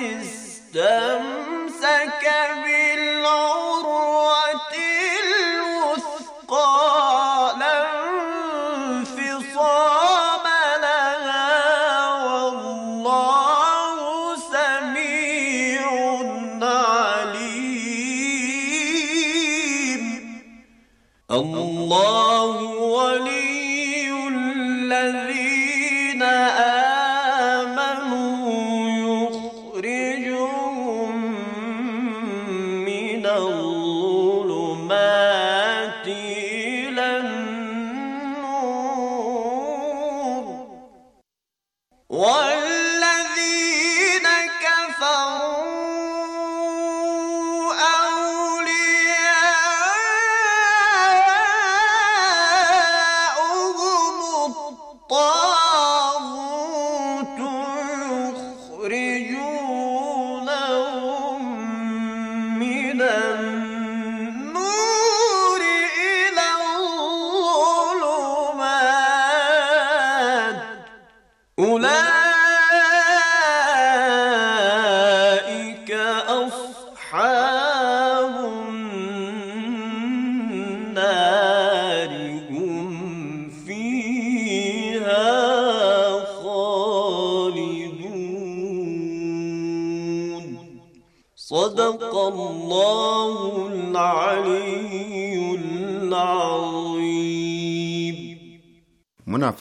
istemem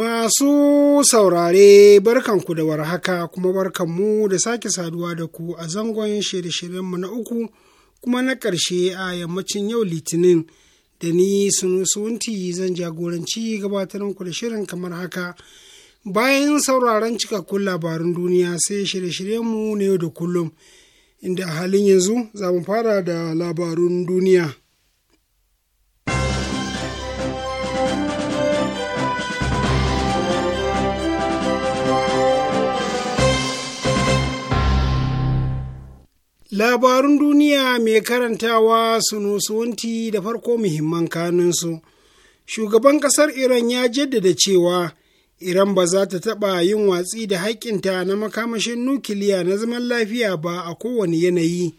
Masu saurare barkanku da warhaka kuma barkanmu da sake saduwa da ku a zangon shirye-shiryenmu na uku kuma na ƙarshe a yammacin yau litinin da ni sunusunti zan jagoranci gabatar muku da shirin kamar haka bayan sauraron cikakkun labarun duniya sai shirye-shiryenmu na yau da kullum inda a halin yanzu za mu fara da labarun duniya. Labarun duniya mai karantawa su sunusuwanti da farko muhimman kanunsu. Shugaban ƙasar Iran ya jaddada cewa Iran ba za ta taɓa yin watsi da haƙƙinta na makamashin nukiliya na zaman lafiya ba a kowane yanayi.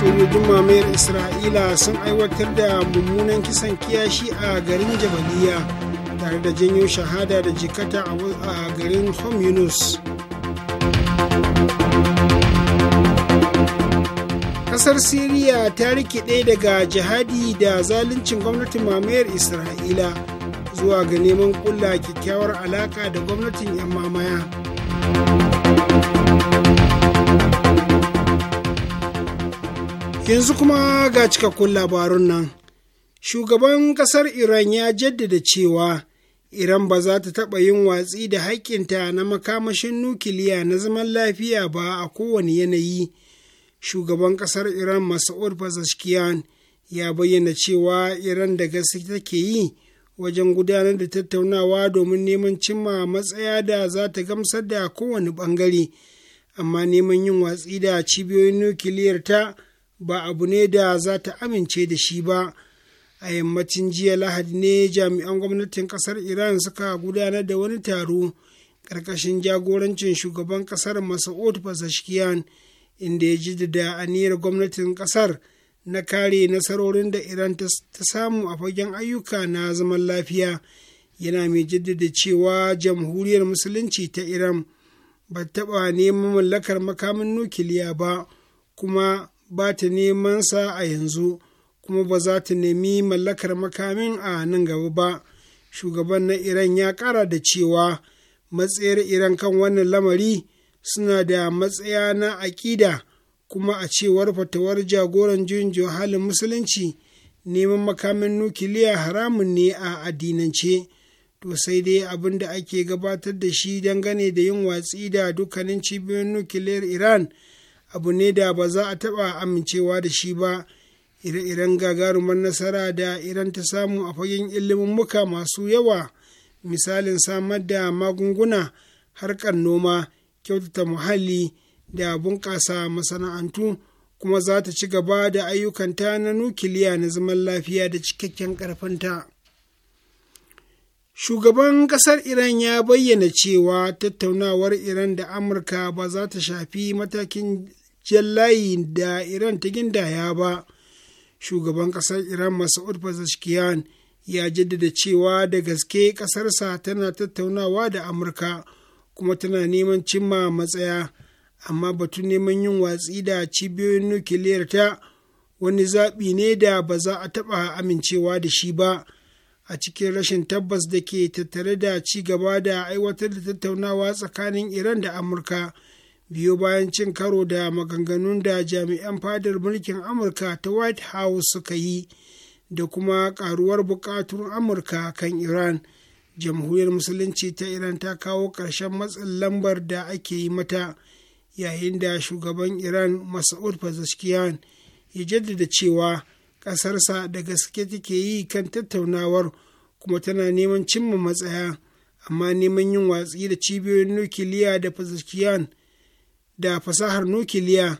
sojojin mamayar isra'ila sun aiwatar da mummunan kisan kiyashi a garin jabaliya tare da janyo shahada da jikata a garin home yunus kasar siriya ta rikide daga jihadi da zaluncin gwamnatin mamayar isra'ila zuwa ga neman kulla kyakkyawar alaka da gwamnatin 'yan mamaya yanzu kuma ga cikakkun labarun nan shugaban kasar iran ya jaddada cewa Iran ba za ta taɓa yin watsi da haƙƙinta na makamashin nukiliya na zaman lafiya ba a kowane yanayi. Shugaban ƙasar Iran Mas'ud Pezeshkian ya bayyana cewa Iran da gaske take yi wajen gudanar da tattaunawa domin neman cimma matsaya da za ta gamsar da kowane ɓangare, amma neman yin watsi da cibiyoyin nukiliyar ta ba abu ne da za ta amince da shi ba. a yammacin jiya lahadi ne jami'an gwamnatin kasar iran suka gudanar da wani taro ƙarƙashin jagorancin shugaban kasar masa'ud fasashkiyan inda ya ji da aniyar gwamnatin kasar na kare nasarorin da iran ta samu a fagen ayyuka na zaman lafiya yana mai jaddada cewa jamhuriyar musulunci ta iran ba taɓa neman mallakar makamin nukiliya ba kuma ba ta neman sa a yanzu. kuma ba za ta nemi mallakar makamin a nan gaba ba shugaban na iran ya kara da cewa matsayar iran kan wannan lamari suna da matsaya na aƙida kuma a cewar fatawar jagoran juyin halin musulunci neman makamin nukiliya haramun ne a addinance to sai dai abin da ake gabatar da shi dangane da yin watsi da dukkanin cibiyoyin nukiliyar iran abu ne da ba za a taɓa amincewa da shi ba. ire-iren gagarumar nasara da iran ta samu a fagen ilimin muka masu yawa misalin samar da magunguna harkar noma kyautata muhalli da bunƙasa masana'antu kuma za ta ci gaba da ayyukanta na nukiliya na zaman lafiya da cikakken ƙarfinta. Shugaban ƙasar Iran ya bayyana cewa tattaunawar Iran da Amurka ba za ta shafi matakin jallayi da Iran ta gindaya ba. shugaban kasar iran masa'ud pezeshkian ya jaddada cewa da gaske kasarsa tana tattaunawa da amurka kuma tana neman cimma matsaya amma batun neman yin watsi da cibiyoyin nukiliyar ta wani zaɓi ne da ba za a taɓa amincewa da shi ba a cikin rashin tabbas da ke tattare da ci gaba da aiwatar da tattaunawa tsakanin iran da amurka. biyo bayan cin karo da maganganun da jami'an fadar mulkin amurka ta white house suka yi da kuma karuwar bukatun amurka kan iran jamhuriyar musulunci ta iran ta kawo ƙarshen matsin lambar da ake yi mata yayin da shugaban iran masaud pezeshkian ya jaddada cewa ƙasarsa da gaske take yi kan tattaunawar kuma tana neman cimma matsaya amma neman yin watsi da cibiyoyin nukiliya da pezeshkian da fasahar nukiliya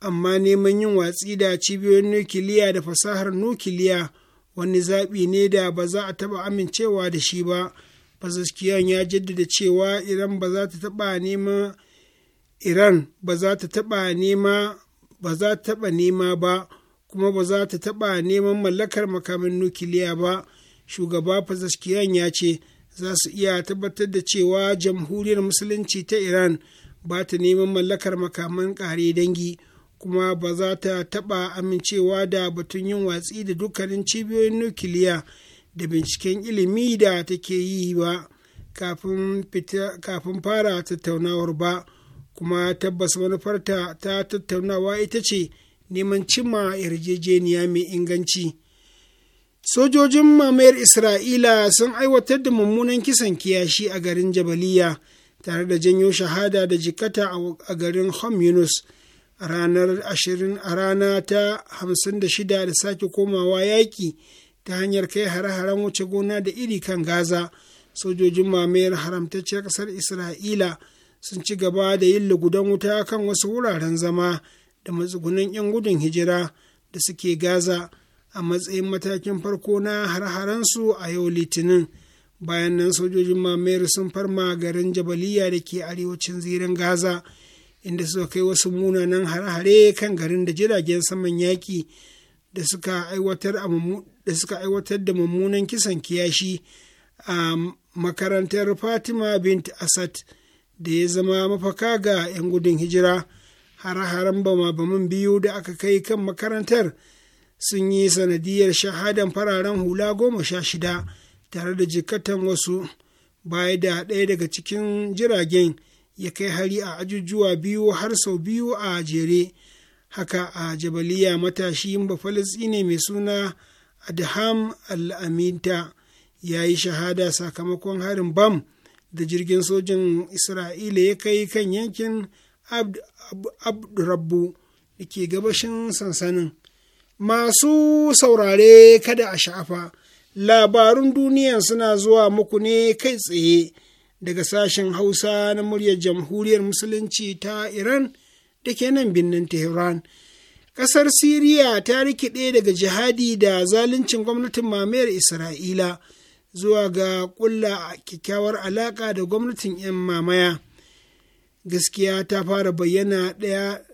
amma neman yin watsi da cibiyoyin nukiliya da fasahar nukiliya wani zaɓi ne da ba za a taɓa amincewa da shi ba fasaskiyar ya jaddada cewa iran ba za ta taɓa nema iran ba za ta taɓa nema ba za ta taɓa nema ba kuma ba za ta taɓa neman mallakar makamin nukiliya ba shugaba fasaskiyar ya ce za su iya tabbatar da cewa jamhuriyar musulunci ta iran ba ta neman mallakar makaman ƙare dangi kuma ba za ta taɓa amincewa da batun yin watsi da dukkanin cibiyoyin nukiliya da binciken ilimi da take yi ba kafin fara tattaunawar ba kuma tabbas manufarta ta tattaunawa ita ce neman cimma yarjejeniya mai inganci sojojin mamayar isra'ila sun aiwatar da mummunan kisan kiyashi a garin jabaliya tare da janyo shahada da jikata a garin Hom Yunus a ranar ashirin a rana ta shida da sake komawa yaƙi ta hanyar kai hare-haren wuce gona da iri kan Gaza. Sojojin mamayar haramtacciyar ƙasar Isra'ila sun ci gaba da yin lugudan wuta kan wasu wuraren zama da matsugunan 'yan gudun hijira da suke Gaza a matsayin matakin farko na har-haransu a yau Litinin. bayan nan sojojin mamayar sun farma garin jabaliya da ke arewacin zirin gaza inda suka kai wasu munanan hare-hare kan garin da jiragen saman yaƙi da suka aiwatar da mummunan kisan kiyashi a makarantar fatima bint asad da ya zama mafaka ga 'yan gudun hijira hare-haren bama-baman biyu da aka kai kan makarantar sun yi sanadiyar shahadan fararen hula goma sha shida tare da jikatan wasu baya da ɗaya daga cikin jiragen ya kai hari a ajujuwa biyu har sau biyu a jere haka a jabaliya matashi matashin ne mai suna adham al'aminta ya yi shahada sakamakon harin bam da jirgin sojin isra'ila ya kai kan yankin abdurabbu da ke gabashin sansanin masu saurare kada a sha'afa labarun duniya suna zuwa muku ne kai tsaye daga sashen hausa na muryar jamhuriyar musulunci ta iran da ke nan birnin tehran ƙasar siriya ta rikide daga jihadi da zaluncin gwamnatin mamayar isra'ila zuwa ga ƙulla kyakkyawar alaƙa da gwamnatin 'yan mamaya gaskiya ta fara bayyana ɗaya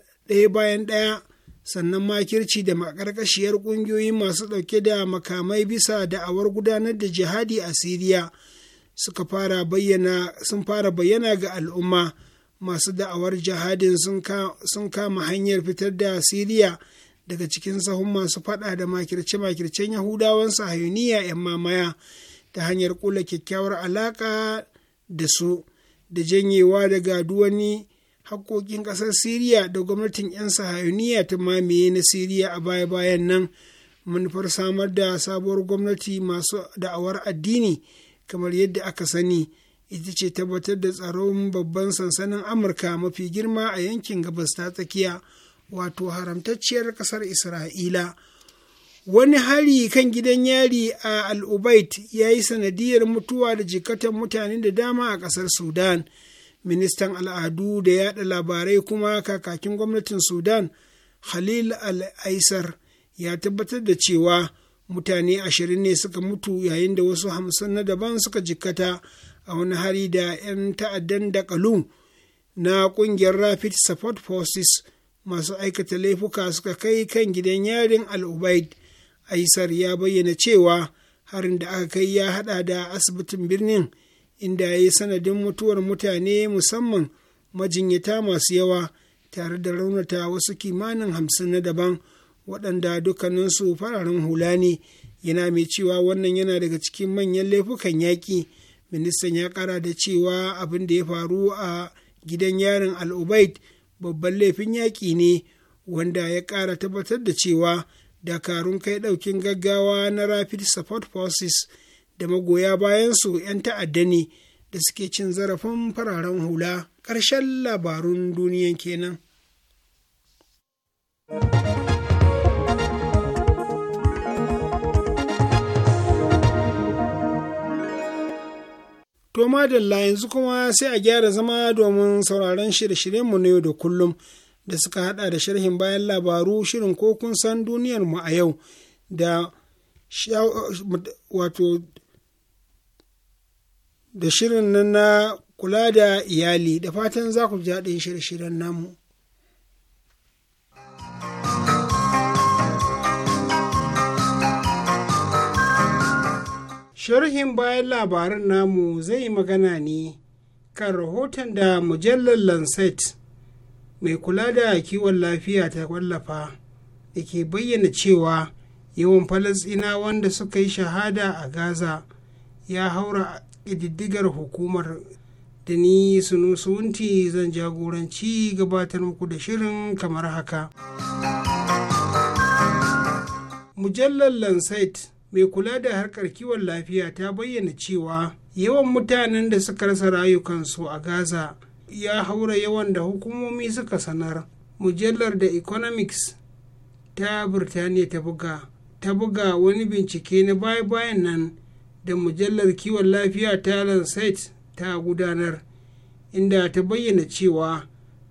bayan ɗaya sannan makirci da makarkashiyar ƙungiyoyi masu ɗauke da makamai bisa da'awar gudanar da jihadi a siriya suka fara bayyana sun fara bayyana ga al'umma masu da'awar jihadin sun kama hanyar fitar da siriya daga cikin sahun masu faɗa da makirce-makircen yahudawan sahayuniya 'yan mamaya ta hanyar kula kyakkyawar alaƙa da su da janyewa daga duwani haƙoƙin ƙasar siriya da gwamnatin 'yan sahayuniya ta mamaye na siriya a baya-bayan nan manufar samar da sabuwar gwamnati masu da'awar addini kamar yadda aka sani ita ce tabbatar da tsaron babban sansanin amurka mafi girma a yankin gabas ta tsakiya wato haramtacciyar ƙasar isra'ila wani hari kan gidan yari a al'ubait ya yi sanadiyar mutuwa da jikatan mutane da dama a ƙasar sudan ministan al'adu da yada labarai kuma kakakin gwamnatin sudan khalil al-aisar ya tabbatar da cewa mutane ashirin ne suka mutu yayin da wasu hamsin na daban suka jikkata a wani hari da 'yan ta'addan da kalu na kungiyar rapid support forces masu aikata laifuka suka kai kan gidan yarin al-ubaid aisar ya bayyana cewa harin da aka kai ya hada da asibitin birnin inda ya yi sanadin mutuwar mutane musamman majinyata masu yawa tare da raunata wasu kimanin hamsin na daban waɗanda dukkaninsu fararen hula ne yana mai cewa wannan yana daga cikin manyan laifukan yaƙi ministan ya ƙara da cewa abin da ya faru a gidan yarin al'ubaid babban laifin yaƙi ne wanda ya ƙara tabbatar da cewa dakarun kai ɗaukin gaggawa na rapid support forces da magoya bayansu 'yan ta'adda ne da suke cin zarafin fararen hula ƙarshen labarun duniyan kenan. To madalla yanzu kuma sai a gyara zama domin sauraron shirye-shiryenmu na yau da kullum da suka hada da sharhin bayan labaru shirin ko kun san duniyarmu a yau da wato da shirin nan na kula da iyali da fatan za ku ji daɗin shirye-shiryen namu. Sharhin bayan labaran namu zai yi magana ne kan rahoton da mujallar Lancet mai kula da kiwon lafiya ta wallafa da ke bayyana cewa yawan falasɗinawan wanda suka yi shahada a Gaza ya haura ƙididdigar hukumar da ni sunusunti zan jagoranci gabatar muku da shirin kamar haka mujallar lancet mai kula da harkar kiwon lafiya ta bayyana cewa yawan mutanen da suka rasa rayukansu a gaza ya haura yawan da hukumomi suka sanar mujallar da economics ta birtaniya ta buga ta buga wani bincike na baya-bayan nan da mujallar kiwon lafiya ta lancet ta gudanar inda ta bayyana cewa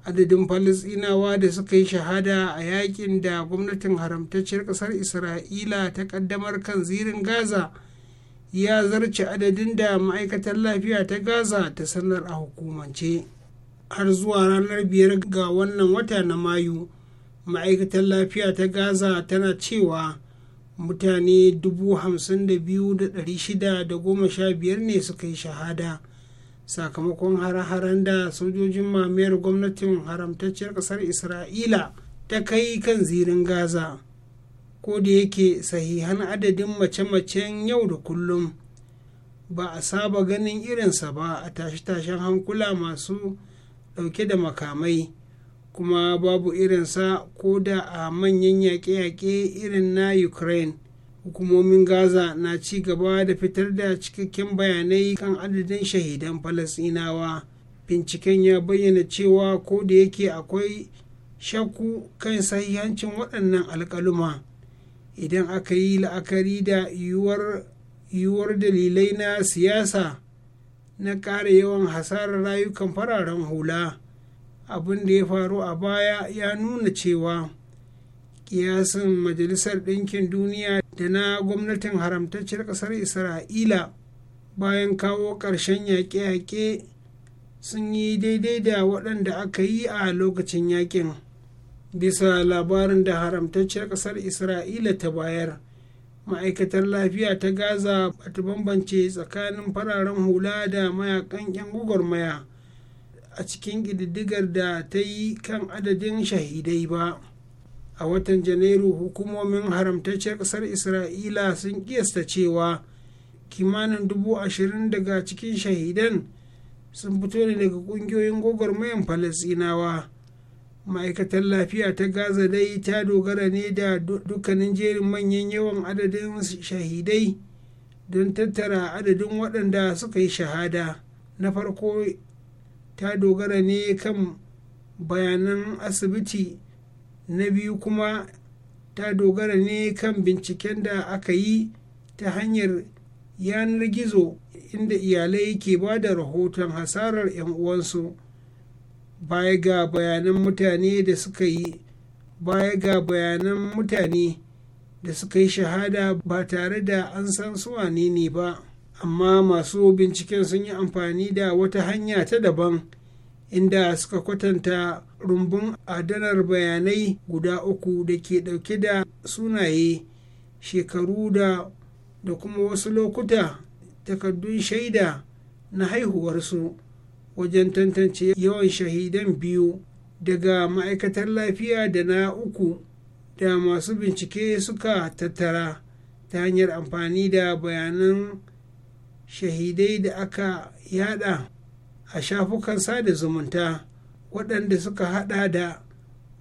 adadin falisinawa da suka yi shahada a yakin da gwamnatin haramtacciyar ƙasar isra'ila ta ƙaddamar kan zirin gaza ya zarce adadin da ma'aikatar lafiya ta gaza ta sanar a hukumance har zuwa ranar biyar ga wannan wata na mayu ma'aikatar lafiya ta gaza tana cewa mutane 52,615 ne suka yi shahada sakamakon har haren da sojojin mamayar gwamnatin haramtacciyar ƙasar isra'ila ta kai kan zirin gaza ko da yake sahihan adadin mace-macen yau da kullum ba a saba ganin irinsa ba a tashe-tashen hankula masu dauke da makamai kuma babu irin sa ko da a manyan yaƙe-yaƙe irin na ukraine hukumomin gaza na ci gaba da fitar da cikakken bayanai kan adadin shahidan falasinawa binciken ya bayyana cewa ko da yake akwai shakku kan sahihancin waɗannan alkaluma idan aka yi la'akari da yiwuwar dalilai na siyasa na ƙara yawan hasarar rayukan fararen hula abin da ya faru a baya ya nuna cewa kiyasin majalisar ɗinkin duniya da na gwamnatin haramtacciyar ƙasar isra'ila bayan kawo ƙarshen yaƙe-yaƙe sun yi daidai da waɗanda aka yi a lokacin yaƙin bisa labarin da haramtacciyar ƙasar isra'ila ta bayar ma'aikatar lafiya ta gaza ba ta bambance tsakanin fararen hula da mayakan 'yan gwagwarmaya a cikin ƙididdigar da ta yi kan adadin shahidai ba a watan janairu hukumomin haramtacciyar ƙasar isra'ila sun kiyasta cewa kimanin dubu ashirin daga cikin shahidan sun fito ne daga ƙungiyoyin gwagwarmayan falasinawa ma'aikatar lafiya ta gaza dai ta dogara ne da dukkanin jerin manyan yawan adadin shahidai don tattara adadin waɗanda suka yi shahada na farko ta dogara ne kan bayanan asibiti na biyu kuma ta dogara ne kan binciken da aka yi ta hanyar yanar gizo inda iyalai ke ba da rahoton hasarar 'yan uwansu baya ga bayanan mutane da suka yi baya ga bayanan mutane da suka yi shahada ba tare da an san su ne ba amma masu binciken sun yi amfani da wata hanya ta daban inda suka kwatanta rumbun adanar bayanai guda uku da ke dauke da sunaye shekaru da da kuma wasu lokuta takardun shaida na haihuwarsu wajen tantance yawan shahidan biyu daga ma'aikatar lafiya da na uku da masu bincike suka tattara ta hanyar amfani da bayanan shahidai da aka yada a shafukan sada zumunta waɗanda suka haɗa da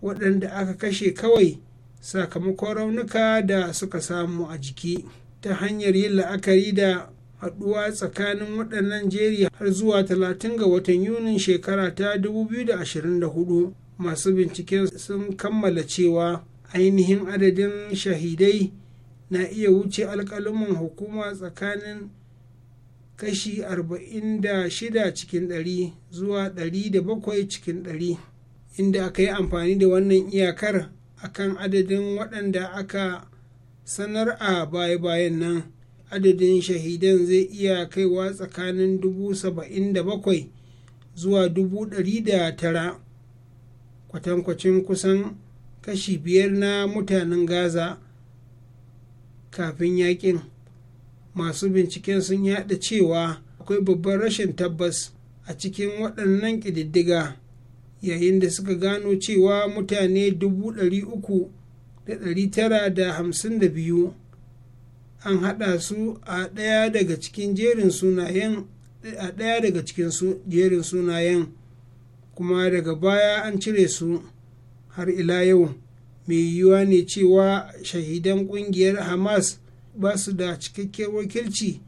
waɗanda aka kashe kawai sakamakon raunuka da suka samu a jiki ta hanyar yin la'akari da haɗuwa tsakanin waɗannan jeri har zuwa 30 ga watan yunin shekara ta 2024 masu binciken sun kammala cewa ainihin adadin shahidai na iya wuce alƙalumin hukuma tsakanin kashi 46 cikin 100 zuwa 107 cikin 100 inda aka yi amfani da wannan iyakar akan adadin waɗanda aka sanar a baya-bayan nan adadin shahidan zai iya kaiwa tsakanin 77 zuwa 109 kwatankwacin kusan kashi biyar na mutanen gaza kafin yakin masu binciken sun yada cewa akwai babban rashin tabbas a cikin waɗannan ƙididdiga yayin da suka gano cewa mutane 300,952 an haɗa su a ɗaya daga cikin jerin sunayen a ɗaya daga cikin jerin sunayen kuma daga baya an cire su har ila yau mai yiwuwa ne cewa shahidan ƙungiyar hamas ba su da cikakken wakilci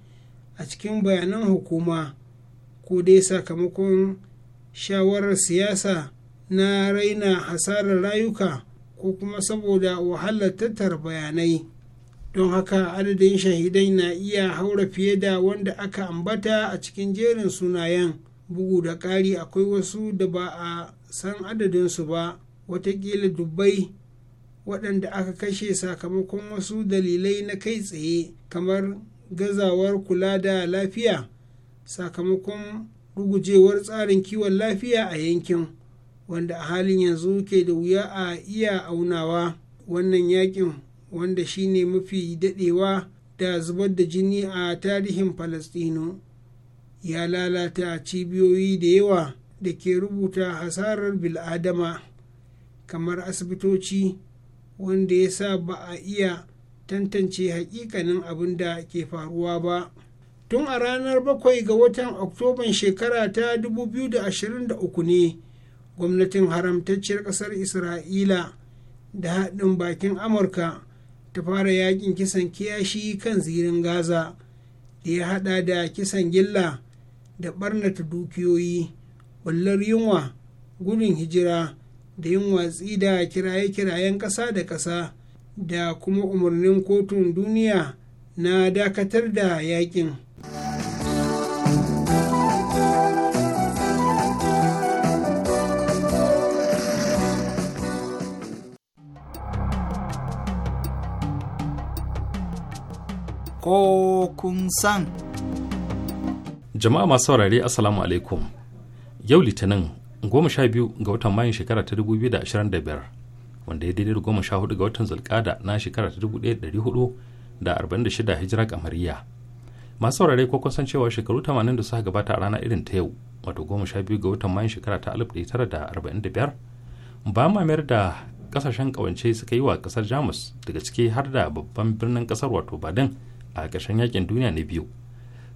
a cikin bayanan hukuma ko dai sakamakon shawarar siyasa na raina hasarar rayuka ko kuma saboda wahalar tattar bayanai don haka adadin shahidai na iya haura fiye da wanda aka ambata a cikin jerin sunayen bugu da ƙari akwai wasu da ba a san adadinsu ba watakila dubbai waɗanda aka kashe sakamakon wasu dalilai na kai tsaye kamar gazawar kula da lafiya sakamakon rugujewar tsarin kiwon lafiya a yankin wanda a halin yanzu ke da wuya a iya aunawa wannan yakin wanda shine mafi dadewa da zubar da jini a tarihin falastino ya lalata cibiyoyi da yawa da ke rubuta hasarar bil'adama kamar asibitoci wanda ya sa ba a iya tantance hakikanin abin da ke faruwa ba tun a ranar bakwai ga watan oktoban shekara ta 2023 ne gwamnatin haramtacciyar ƙasar isra'ila da haɗin bakin amurka ta fara yakin kisan kiyashi kan zirin gaza da ya haɗa da kisan gilla da ɓarnata dukiyoyi wallar yunwa gudun hijira da yin watsi da kiraye-kirayen ƙasa da ƙasa da kuma umarnin kotun duniya na dakatar da yakin. Ko kun san. Jama'a masu saurare 'asalamu alaikum. Yau Litinin goma sha biyu ga watan mayun shekara ta dubu biyu da da ashirin biyar wanda ya daidai da goma sha hudu ga watan zulkada na shekara ta dubu ɗaya da da da hudu arba'in shida hijira kamariya masu saurare ko kusan cewa shekaru tamanin da suka gabata a rana irin ta yau wato goma sha biyu ga watan mayun shekara ta alif da da tara arba'in biyar. ba ma mayar da kasashen kawance suka yi wa kasar jamus daga ciki har da babban birnin kasar wato badin a ƙarshen yakin duniya na biyu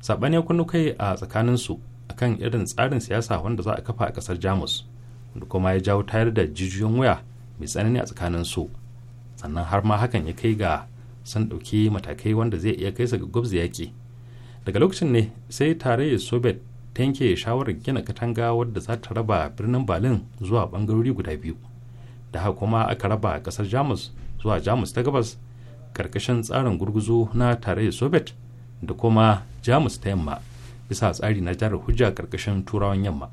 saɓani ya kai a tsakaninsu akan irin tsarin siyasa wanda za a kafa a kasar jamus wanda kuma ya jawo tayar da jijiyoyin waya mai tsanani a tsakanin su sannan har ma hakan ya kai ga sun ɗauki matakai wanda zai iya kai su ga gwabza yaƙi daga lokacin ne sai tarayyar soviet ta yanke shawarar gina katanga wadda za ta raba birnin berlin zuwa bangarori guda biyu da haka kuma aka raba kasar jamus zuwa jamus ta gabas karkashin tsarin gurguzu na tarayyar soviet da kuma jamus ta yamma bisa tsari na jihar hujja karkashin turawan yamma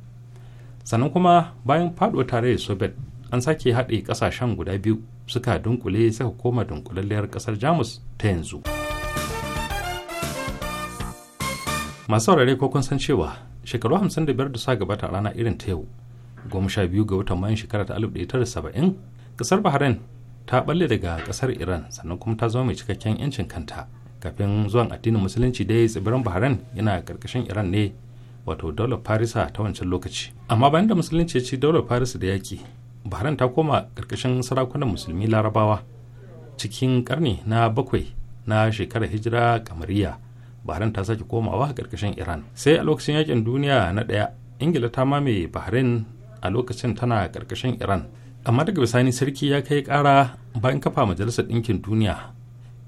sannan kuma bayan faduwar tarayyar soviet an sake haɗe ƙasashen guda biyu suka dunkule suka koma dunkulalliyar ƙasar jamus ta yanzu masu saurare ko kun san cewa shekaru 55 da sa gabata a rana irin ta yau goma sha biyu ga watan mayun shekara ta 1970 ƙasar bahrain ta balle daga ƙasar iran sannan kuma ta zama mai cikakken 'yancin kanta kafin zuwan addinin musulunci dai tsibirin bahrain yana karkashin iran ne wato daular farisa ta wancan lokaci amma bayan da musulunci ya ci daular farisa da yaki bahrain ta koma karkashin sarakunan musulmi larabawa cikin karni na bakwai na shekarar hijira kamariya bahrain ta sake komawa karkashin iran sai a lokacin yakin duniya na ɗaya ingila ta mame bahrain a lokacin tana karkashin iran amma daga bisani sarki ya kai kara bayan kafa majalisar ɗinkin duniya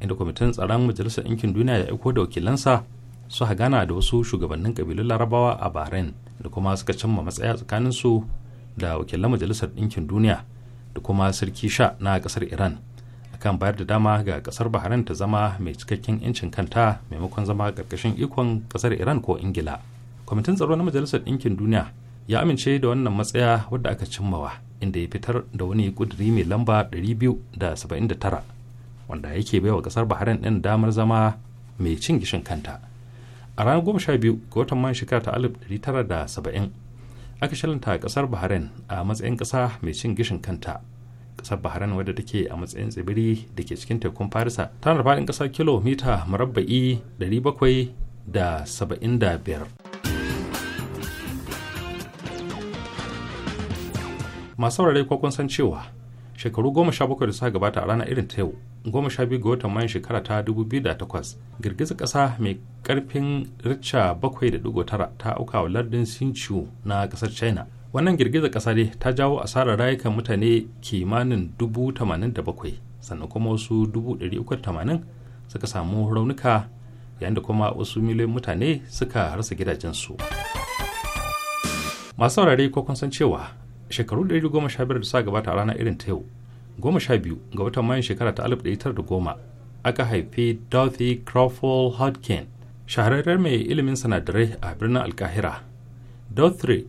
inda kwamitin tsaron majalisar ɗinkin duniya ya aiko da wakilansa su gana da wasu shugabannin kabilun larabawa a bahrain da kuma suka cimma matsaya tsakanin su da wakilan majalisar ɗinkin duniya da kuma sarki sha na ƙasar iran akan bayar da dama ga ƙasar bahrain ta zama mai cikakken 'yancin kanta maimakon zama ƙarƙashin ikon ƙasar iran ko ingila kwamitin tsaro na majalisar ɗinkin duniya ya amince da wannan matsaya wadda aka cimmawa inda ya fitar da wani ƙuduri mai lamba 279 wanda yake baiwa kasar bahrain din damar zama mai cin gishin kanta a ranar goma sha biyu ga watan man shekara ta alif ɗari tara da saba'in aka shalanta kasar bahrain a matsayin ƙasa mai cin gishin kanta kasar bahrain wadda take a matsayin tsibiri da ke cikin tekun farisa tana da faɗin ƙasar kilomita murabba'i ɗari bakwai da saba'in da biyar masu saurare ko kun san cewa shekaru goma sha bakwai da suka gabata a ranar irin ta yau Goma sha biyu ga watan mayan shekara ta 2008 girgizar ƙasa mai ƙarfin richa 7.9 ta auka wa lardin sinchu na ƙasar china wannan girgizar ƙasa ne ta jawo asarar rayukan mutane kimanin bakwai sannan kuma wasu 380 suka samu raunuka yayin da kuma wasu miliyan mutane suka rasa gidajensu masu saurare ko kun san cewa shekaru 115 da suka gabata a ranar irin ta yau goma sha biyu ga watan mayun shekara ta alif da goma aka haifi Dorothy Crawford Hodgkin shahararren mai ilimin sanadarai a birnin alkahira Dorothy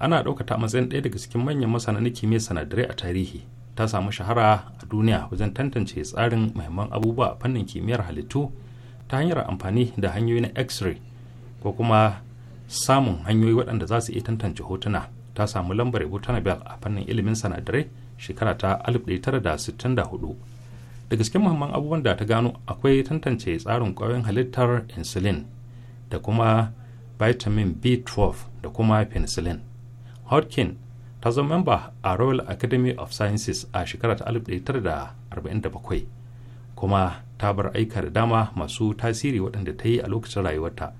ana ɗaukata a matsayin ɗaya daga cikin manyan masana na kimiyyar sanadarai a tarihi ta samu shahara a duniya wajen tantance tsarin mahimman abubuwa a fannin kimiyyar halittu ta hanyar amfani da hanyoyi na x-ray ko kuma samun hanyoyi waɗanda za su iya tantance hotuna ta samu lambar yabo ta nobel a fannin ilimin sanadarai shekara ta 1964 daga cikin muhimman abubuwan da ta gano akwai tantance tsarin ƙwayoyin halittar insulin da kuma vitamin b12 da kuma penicillin hodkin ta zama memba a royal academy of sciences a shekara ta 1947 kuma ta bar aika da dama masu tasiri waɗanda ta yi a lokacin rayuwarta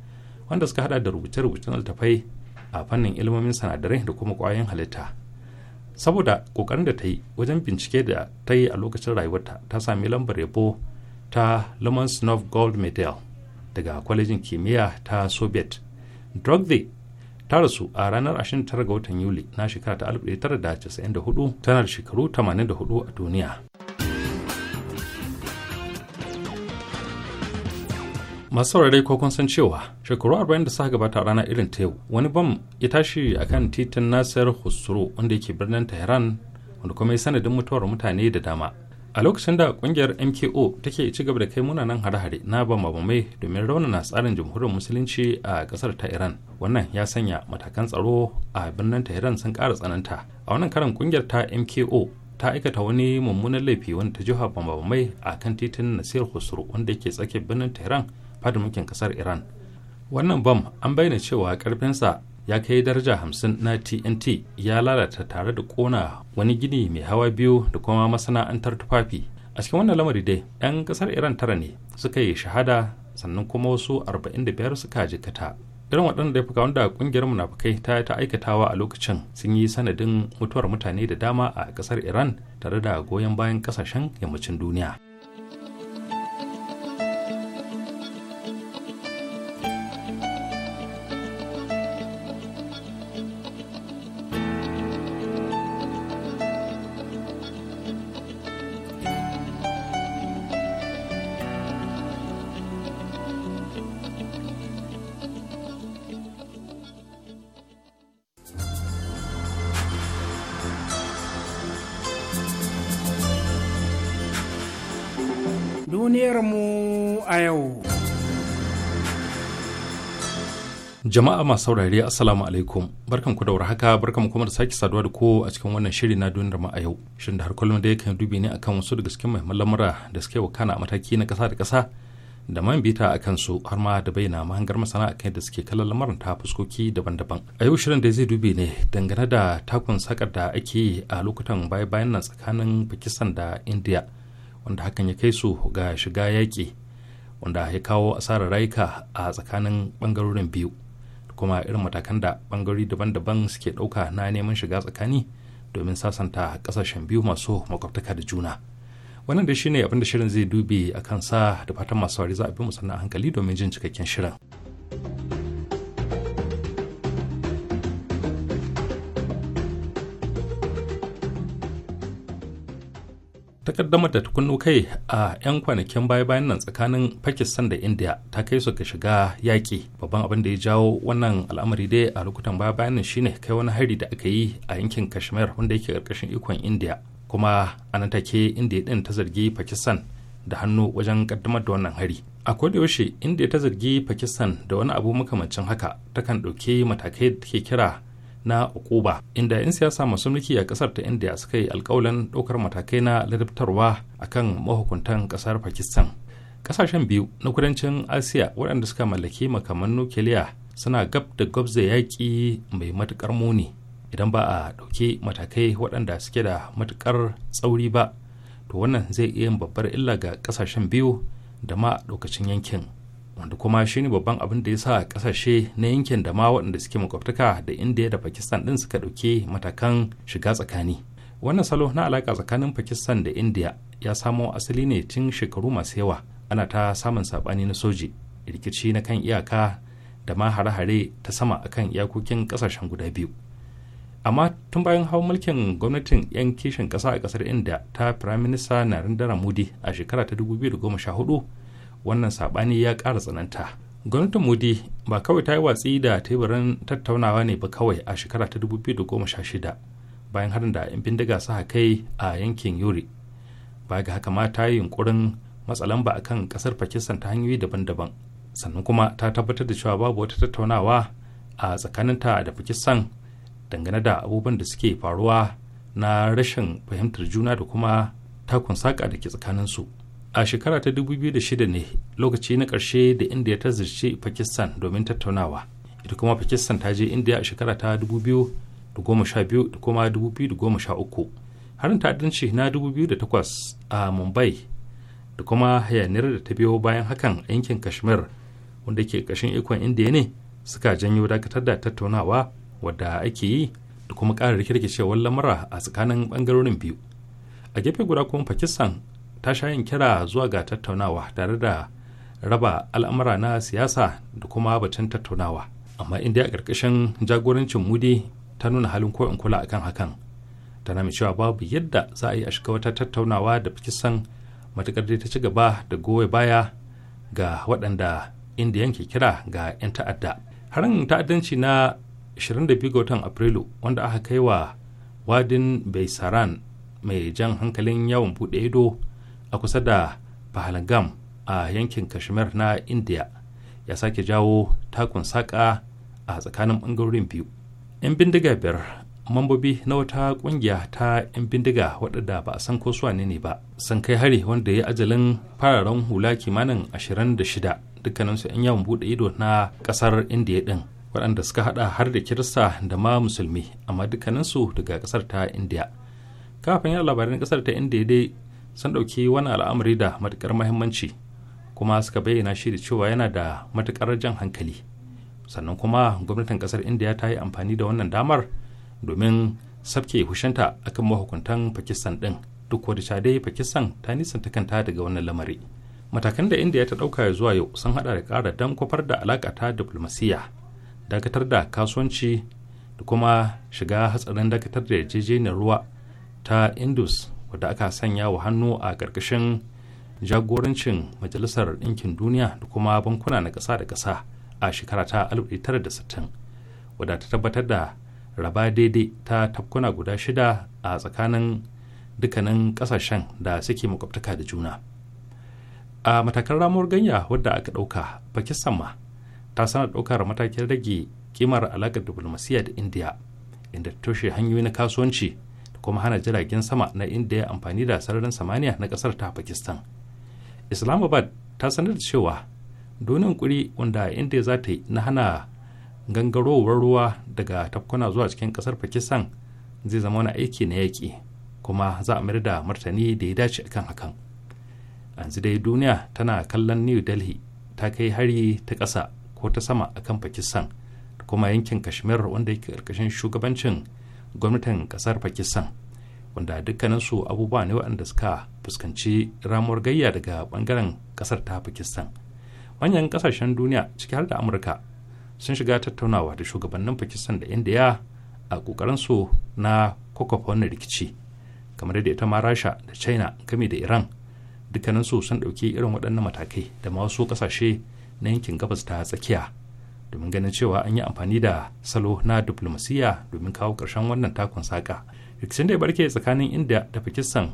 wanda suka hada da rubuce-rubucen altafai a fannin ilmomin sanadarai da kuma ƙwayoyin halitta saboda kokarin da ta yi wajen bincike da ta yi a lokacin rayuwarta ta sami lambar yabo ta lemon snuff gold medal daga kwalejin kimiyya ta soviet drogde ta rasu a ranar 29 ga watan yuli na shekara ta 1994 tana da shekaru 84 a duniya masu saurari ko kun san cewa shekaru arba'in da suka gabata rana irin ta yau wani bam ya tashi akan titin nasir husro wanda yake birnin tehran wanda kuma ya sanadin mutuwar mutane da dama a lokacin da kungiyar mko take ci gaba da kai munanan hare-hare na bambamai domin raunana tsarin jamhuriyar musulunci a kasar ta iran wannan ya sanya matakan tsaro a birnin tehran sun kara tsananta a wannan karan kungiyar ta mko ta aikata wani mummunan laifi wanda ta jiha bambamai a kan titin nasir husru wanda ke tsakiyar birnin tehran fadimukin kasar iran wannan bam an bayyana cewa karfinsa ya kai daraja 50 na tnt ya lalata tare da kona wani gini mai hawa biyu da kuma masana'antar tufafi a cikin wannan lamari dai 'yan kasar iran tara ne suka yi shahada sannan kuma wasu 45 suka jikata irin waɗanda da fuka wanda ƙungiyar munafukai ta ta aikatawa a lokacin sun yi sanadin mutuwar mutane da dama a ƙasar iran tare da goyon bayan ƙasashen yammacin duniya mu a yau. Jama'a masu saurari Assalamu alaikum. Barkan ku daura haka barkan kuma da sake saduwa da ko a cikin wannan shiri na duniyar mu a yau. Shirin da har kullum da yakan dubi ne akan wasu daga cikin muhimman lamura da suke kana a mataki na kasa da kasa da man bita a kansu har ma da bayyana mahangar masana a kai da suke kallon lamarin ta fuskoki daban-daban. A yau shirin da zai dubi ne dangane da takun sakar da ake yi a lokutan baya-bayan nan tsakanin Pakistan da India. wanda hakan ya kai su ga shiga yaƙi wanda ya kawo asarar rayuka a tsakanin ɓangarorin biyu kuma irin matakan da ɓangarori daban-daban suke ɗauka na neman shiga tsakani domin sasanta ƙasashen biyu masu makwabtaka da juna wannan da shine abin da shirin zai dube a kan sa da fatan masu za a bi mu sannan hankali domin jin cikakken shirin. takaddamar da tukunnu kai a 'yan kwanakin baya-bayan nan tsakanin pakistan da india ta kai su ga shiga yaƙi babban abin da ya jawo wannan al'amari dai a lokutan baya-bayan nan shine kai wani hari da aka yi a yankin kashmir wanda yake karkashin ikon india kuma anan take india din ta zargi pakistan da hannu wajen kaddamar da wannan hari a yaushe india ta zargi pakistan da wani abu makamancin haka takan ɗauki matakai da take kira na ukuba inda 'yan siyasa masu mulki a kasar ta india suka yi alkawalin ɗaukar matakai na ladabtarwa akan mahukuntan kasar pakistan kasashen biyu na kudancin asiya waɗanda suka mallaki makaman nukiliya suna gab da gwabza yaƙi mai matuƙar muni idan ba a ɗauki matakai waɗanda suke da matuƙar tsauri ba to wannan zai iya yin babbar illa ga ƙasashen biyu da ma ɗaukacin yankin wanda kuma shi ne babban abin da ya sa kasashe na yankin da ma waɗanda suke makwabtaka da indiya da pakistan ɗin suka ɗauki matakan shiga tsakani wannan salo na alaƙa tsakanin pakistan da indiya ya samo asali ne tun shekaru masu yawa ana ta samun saɓani na soji rikici na kan iyaka da ma hare-hare ta sama akan iyakokin ƙasashen guda biyu amma tun bayan hawan mulkin gwamnatin 'yan kishin ƙasa a ƙasar inda ta firaminista narendra modi a shekara ta 2014 wannan saɓani ya ƙara tsananta gwamnatin modi ba kawai ta yi watsi da teburin tattaunawa ne ba kawai a shekara ta 2016 bayan harin da 'yan bindiga su kai a yankin yuri ba ga haka ma ta yi yunkurin lamba a kan ƙasar pakistan ta hanyoyi daban-daban sannan kuma ta tabbatar da cewa babu wata tattaunawa a tsakaninta da pakistan dangane da abubuwan da suke faruwa na rashin fahimtar juna da kuma takun saƙa da ke tsakaninsu. su a shekara ta 2006 ne lokaci na ƙarshe da india ta zirce pakistan domin tattaunawa ita kuma pakistan ta je india a shekara ta 2012 da kuma 2013 harin ta'addanci na 2008 a mumbai da kuma hayaniyar da ta biyo bayan hakan a yankin kashmir wanda ke ƙashin ikon indiya ne suka janyo dakatar da tattaunawa wadda ake yi da kuma ƙara rikirkicewar lamura a tsakanin ɓangarorin biyu a gefe guda kuma pakistan ta sha yin kira zuwa ga tattaunawa tare da raba al'amura na siyasa da kuma batun tattaunawa amma inda a ƙarƙashin jagorancin mudi ta nuna halin ko in kula akan hakan tana mai cewa babu yadda za a yi a shiga wata tattaunawa da pakistan matuƙar dai ta ci gaba da goya baya ga waɗanda inda ke kira ga 'yan ta'adda harin ta'addanci na 22 ga watan afrilu wanda aka kai wa wadin baisaran mai jan hankalin yawon buɗe ido a kusa da pahalgam a yankin kashmir na india ya sake jawo takun saƙa a tsakanin ɓangarorin biyu 'yan bindiga biyar mambobi na wata kungiya ta 'yan bindiga waɗanda ba a san ko ne ne ba sun kai hari wanda ya yi ajalin fararen hula kimanin 26 dukkaninsu 'yan yawon buɗe ido na ƙasar indiya ɗin waɗanda suka haɗa har da kirista da ma musulmi amma dukkaninsu daga ƙasar ta indiya kafin yin labarin ƙasar ta indiya dai sun ɗauki wani al'amari da matuƙar mahimmanci kuma suka bayyana shi da cewa yana da matuƙar jan hankali sannan kuma gwamnatin ƙasar indiya ta yi amfani da wannan damar domin sabke hushanta akan mahukuntan pakistan ɗin duk wadda ta dai pakistan ta nisanta kanta daga wannan lamari matakan da indiya ta ɗauka zuwa yau sun haɗa da kara dan kwafar da alaƙa ta diflomasiyya dakatar da kasuwanci da kuma shiga hatsarin dakatar da yarjejeniyar ruwa ta indus wadda aka sanya wa hannu a ƙarƙashin jagorancin majalisar ɗinkin duniya da kuma bankuna na ƙasa da ƙasa a shekara ta 1960 wadda ta tabbatar da raba daidai ta tafkuna guda shida a tsakanin dukkanin ƙasashen da suke makwabtaka da juna a matakan ramuwar ganya wadda aka ɗauka pakistan ma ta sanar ɗaukar matakin rage kimar alaƙar diflomasiyya da indiya inda ta toshe hanyoyi na kasuwanci kuma hana jiragen sama na inda ya amfani da sararin samaniya na kasar ta pakistan islamabad ta sanar da cewa donin kuri wanda inda za ta yi na hana gangarowar ruwa daga tafkuna zuwa cikin kasar pakistan zai zama wani aiki na yaƙi kuma za a mayar da martani da ya dace akan hakan yanzu dai duniya tana kallon new delhi ta kai hari ta ƙasa ko ta sama akan pakistan kuma yankin kashmir wanda yake ƙarƙashin shugabancin gwamnatin kasar pakistan wanda dukkaninsu abubuwa ne waɗanda suka fuskanci ramuwar gayya daga ɓangaren kasar ta pakistan manyan ƙasashen duniya ciki har da amurka sun shiga tattaunawa da shugabannin pakistan da indiya a ƙoƙarinsu na kwakwafa wannan rikici kamar da ita ma rasha da china game da iran dukkaninsu sun ɗauki irin waɗannan matakai da ma wasu ƙasashe na yankin gabas ta tsakiya domin ganin cewa an yi amfani da salo na diplomasiya domin kawo ƙarshen wannan takun saƙa rikicin da ya barke tsakanin india da pakistan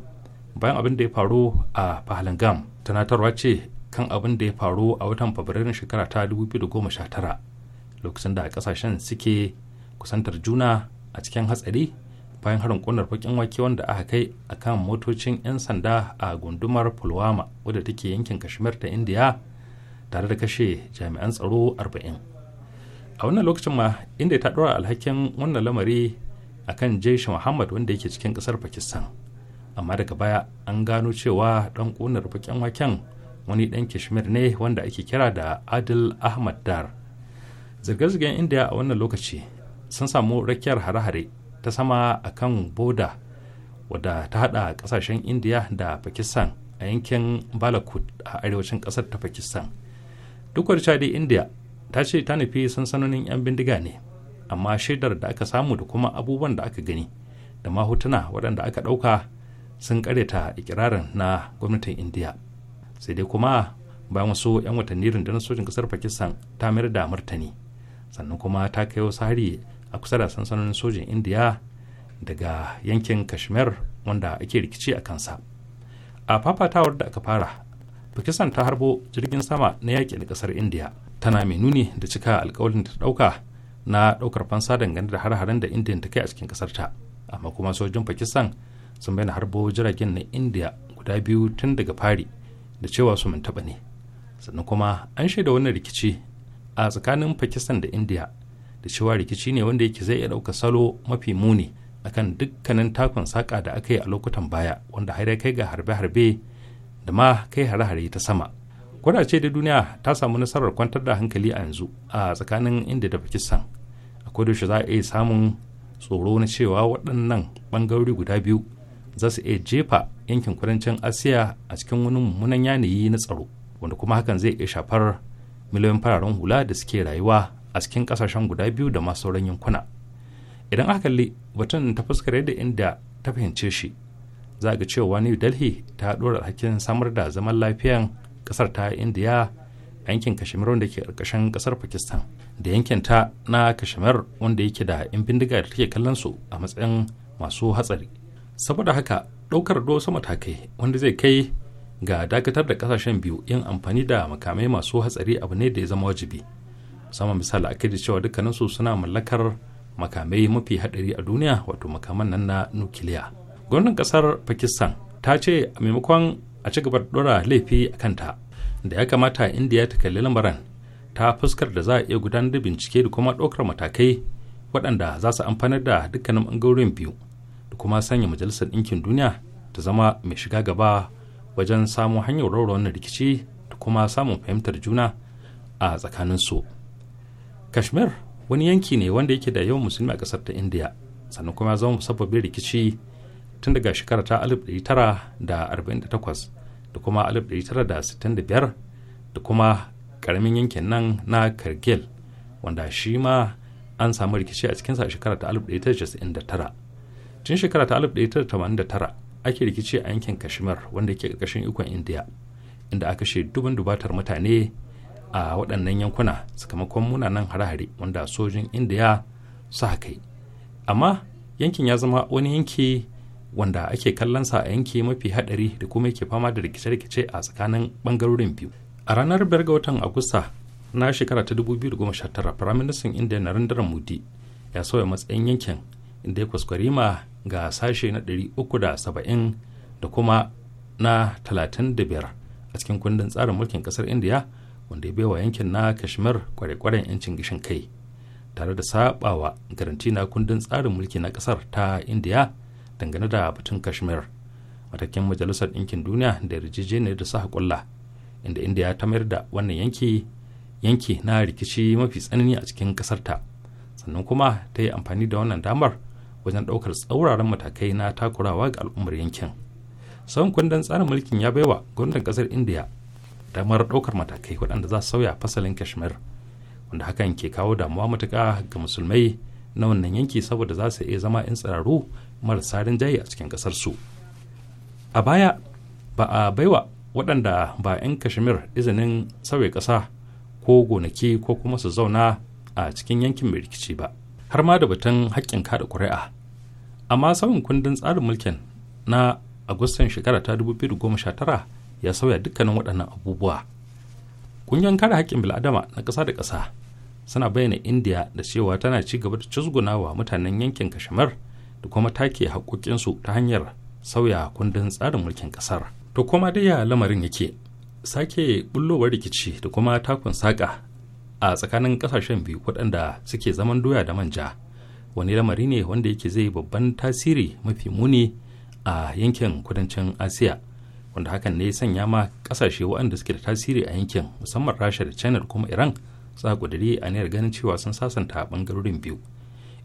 bayan abin da ya faru a pahalgam tunatarwa ce kan abin da ya faru a watan fabrairun shekara ta 2019 lokacin da kasashen suke kusantar juna a cikin hatsari bayan harin kunar bakin wake wanda aka kai a kan motocin 'yan sanda a gundumar pulwama wadda take yankin kashmir ta indiya tare da kashe jami'an tsaro arba'in. a wannan lokacin ma inda ta ɗora alhakin wannan lamari a kan jeshi muhammad wanda yake cikin ƙasar pakistan amma daga baya an gano cewa ɗan ƙunar baƙin waken wani ɗan kashmir ne wanda ake kira da adil ahmad dar zirga-zirgar indiya a wannan lokaci sun samu rakiyar hare-hare ta sama a kan boda wadda ta hada ƙasashen india da pakistan a yankin balakut a arewacin ƙasar ta pakistan duk da india. ta ce ta nufi sansanonin 'yan bindiga ne amma shaidar da aka samu da kuma abubuwan da aka gani da ma hotuna waɗanda aka ɗauka sun karyata ikirarin na gwamnatin indiya sai dai kuma bayan wasu 'yan watanni rundunar sojin ƙasar pakistan ta mayar da martani sannan kuma ta kai wasu hari a kusa da sansanonin sojin indiya daga yankin kashmir wanda ake rikici a kansa a fafatawar da aka fara pakistan ta harbo jirgin sama na yaƙi da ƙasar indiya tana mai nuni da cika alkawalin ta dauka na ɗaukar fansa dangane da har-haren da indiya ta kai a cikin ƙasar ta amma kuma sojin pakistan sun bayyana harbo jiragen na indiya guda biyu tun daga fari da cewa su mun taba ne sannan kuma an shaida wannan rikici a tsakanin pakistan da indiya da cewa rikici ne wanda yake zai iya dauka salo mafi muni akan dukkanin takon saƙa da aka yi a lokutan baya wanda har ya kai ga harbe-harbe da ma kai hare-hare ta sama gwada ce da duniya ta samu nasarar kwantar da hankali a yanzu a tsakanin inda da pakistan akwai da za a iya samun tsoro na cewa waɗannan ɓangarori guda biyu za su iya jefa yankin kudancin asiya a cikin wani mummunan yanayi na tsaro wanda kuma hakan zai iya shafar miliyoyin fararen hula da suke rayuwa a cikin ƙasashen guda biyu da masu sauran yankuna idan aka kalli batun ta fuskar yadda inda ta fahimce shi za a ga cewa wani delhi ta ɗora alhakin samar da zaman lafiyan kasar ta indiya a yankin kashmir wanda ke karkashin kasar pakistan da yankin ta na kashmir wanda yake da yan bindiga da take kallon su a matsayin masu hatsari saboda haka ɗaukar wasu matakai wanda zai kai ga dakatar da kasashen biyu yin amfani da makamai masu hatsari abu ne da ya zama wajibi musamman misali a da cewa su suna mallakar makamai mafi hadari a duniya wato makaman nan na nukiliya gwamnatin kasar pakistan ta ce a maimakon a ci gaba da dora laifi a kanta da ya kamata indiya ta kalli lamarin ta fuskar da za a iya gudanar da bincike da kuma ɗaukar matakai waɗanda za su amfanar da dukkanin ɓangarorin biyu da kuma sanya majalisar ɗinkin duniya ta zama mai shiga gaba wajen samun hanyar rauwa wannan rikici da kuma samun fahimtar juna a tsakanin su kashmir wani yanki ne wanda yake da yawan musulmi a ƙasar ta indiya sannan kuma ya zama musabbabin rikici tun daga shekara ta 1948 da kuma 1965 da kuma karamin yankin nan na kargil wanda shi ma an samu rikici a cikinsa a shekara ta 1999 tun shekara ta 1989 ake rikici a yankin kashmir wanda ke ƙarƙashin ikon indiya inda aka shi dubin dubatar mutane a waɗannan yankuna sakamakon munanan hare-hare wanda sojin indiya su kai amma yankin ya zama wani yanki wanda ake kallon sa a yanke mafi hadari da kuma yake fama da rikice-rikice a tsakanin bangarorin biyu a ranar biyar ga watan agusta na shekara ta 2019 firaministan indiya narendra mudi ya sauya matsayin yankin inda ya ma ga sashe na 370 da kuma na 35 a cikin kundin tsarin mulkin ƙasar indiya wanda ya baiwa yankin na kashmir kware-kwaren yancin gishin kai tare da sabawa garanti na kundin tsarin mulki na kasar ta indiya dangane da batun kashmir matakin majalisar ɗinkin duniya da yarjejeniyar da suka kulla inda indiya ta mayar da wannan yanki yanki na rikici mafi tsanani a cikin ƙasarta sannan kuma ta yi amfani da wannan damar wajen ɗaukar tsauraran matakai na takurawa ga al'ummar yankin sauran kundin tsarin mulkin ya baiwa gwamnatin ƙasar indiya damar ɗaukar matakai waɗanda za su sauya fasalin kashmir wanda hakan ke kawo damuwa matuka ga musulmai na wannan yanki saboda za su iya zama in tsiraru marasa rinjaye a cikin ƙasarsu a baya ba a baiwa waɗanda ba 'yan kashmir izinin sauya ƙasa ko gonaki ko kuma su zauna a cikin yankin mai rikici ba har ma da batun haƙƙin kada ƙuri'a amma sauyin kundin tsarin mulkin na agustan shekara ta 2019 ya sauya dukkanin waɗannan abubuwa kungiyar kare haƙƙin bil'adama na ƙasa da ƙasa suna bayyana indiya da cewa tana ci gaba da cizgunawa mutanen yankin kashmir da kuma take haƙoƙinsu ta hanyar sauya kundin tsarin mulkin ƙasar. To kuma dai ya lamarin yake sake bullowar rikici da kuma takun saƙa a tsakanin ƙasashen biyu waɗanda suke zaman doya da manja wani lamari ne wanda yake zai babban tasiri mafi muni a yankin kudancin asiya wanda hakan ne sanya ma ƙasashe waɗanda suke da tasiri a yankin musamman rasha da china da kuma iran su a niyar ganin cewa sun sasanta ɓangarorin biyu